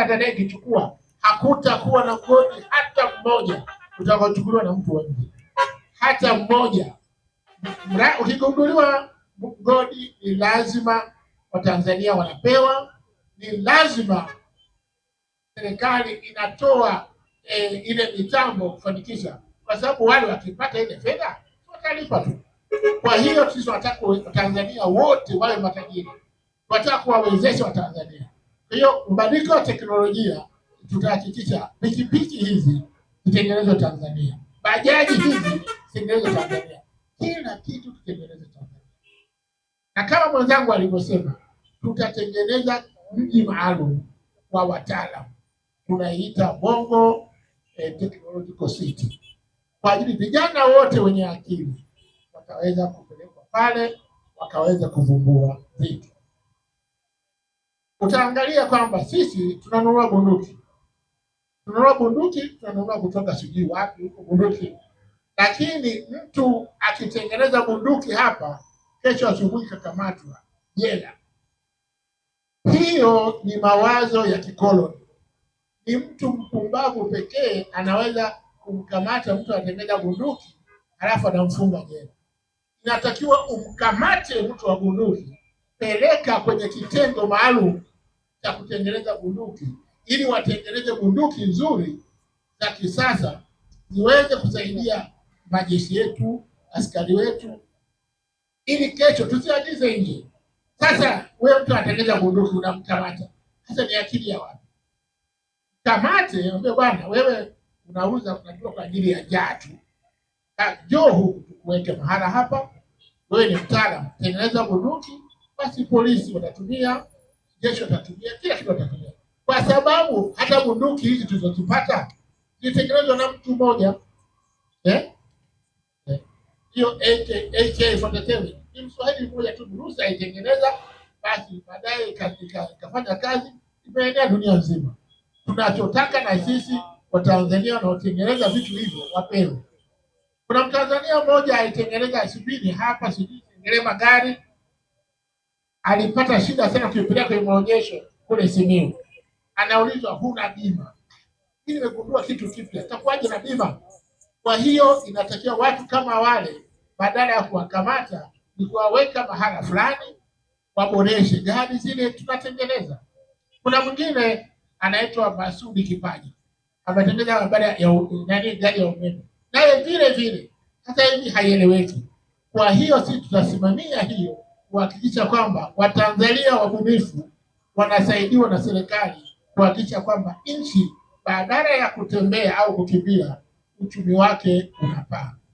atakayekichukua hakutakuwa na mgodi hata mmoja utakaochukuliwa na mtu wa nje, hata mmoja. Ukigunduliwa mgodi, ni lazima Watanzania wanapewa, ni lazima serikali inatoa e, ile mitambo kufanikisha, kwa sababu wale wakipata ile fedha watalipa tu. Kwa hiyo sisi tunataka Watanzania wote wawe matajiri, tunataka kuwawezesha Watanzania kwa hiyo mabadiliko ya teknolojia tutahakikisha pikipiki hizi zitengenezwe Tanzania, bajaji hizi zitengenezwe Tanzania, kila kitu kitengenezwe Tanzania. Na kama mwenzangu alivyosema, tutatengeneza mji maalum wa wataalamu, tunaiita Bongo eh, Technological City kwa ajili vijana wote wenye akili wakaweza kupelekwa pale wakaweza kuvumbua vitu utaangalia kwamba sisi tunanunua bunduki, tunanunua bunduki, tunanunua kutoka sijui wapi huko bunduki, lakini mtu akitengeneza bunduki hapa, kesho asubuhi kakamatwa jela. Hiyo ni mawazo ya kikoloni. Ni mtu mpumbavu pekee anaweza kumkamata mtu anatengeneza bunduki halafu anamfunga jela. Inatakiwa umkamate mtu wa bunduki, peleka kwenye kitengo maalum cha kutengeneza bunduki ili watengeneze bunduki nzuri za kisasa ziweze kusaidia majeshi yetu, askari wetu, ili kesho tusiagize nje. Sasa wewe mtu anatengeneza bunduki unamkamata, sasa ni akili ya wapi? Kamate mbona bwana, wewe unauza unajua kwa ajili ya jatu ah, joo, huku tukuweke mahala hapa, wewe ni mtaalamu, tengeneza bunduki, basi polisi watatumia jeshi atatumia, kila kitu atatumia, kwa sababu hata bunduki hizi tulizozipata zilitengenezwa na mtu mmoja eh? Eh. AK47 ni Mswahili mmoja tu Mrusi aitengeneza, basi baadaye ikafanya kazi, imeenea dunia nzima. Tunachotaka na sisi Watanzania wanaotengeneza vitu hivyo wapewe. Kuna Mtanzania mmoja aitengeneza, sijui hapa, sijui tengeneza magari alipata shida sana kuipeleka kwenye maonyesho kule Simiyu, anaulizwa huna bima. Mimi nimegundua kitu kipya, itakuwaje na bima? Kwa hiyo inatakiwa watu kama wale, badala ya kuwakamata ni kuwaweka mahala fulani, waboreshe gari zile tunatengeneza. Kuna mwingine anaitwa Masudi Kipaji ametengeneza habari ya nani, gari ya umeme, naye vile vile sasa hivi haieleweki. Kwa hiyo sisi tutasimamia hiyo kuhakikisha kwamba Watanzania wabunifu wanasaidiwa na serikali kuhakikisha kwamba nchi badala ya kutembea au kukimbia uchumi wake unapaa.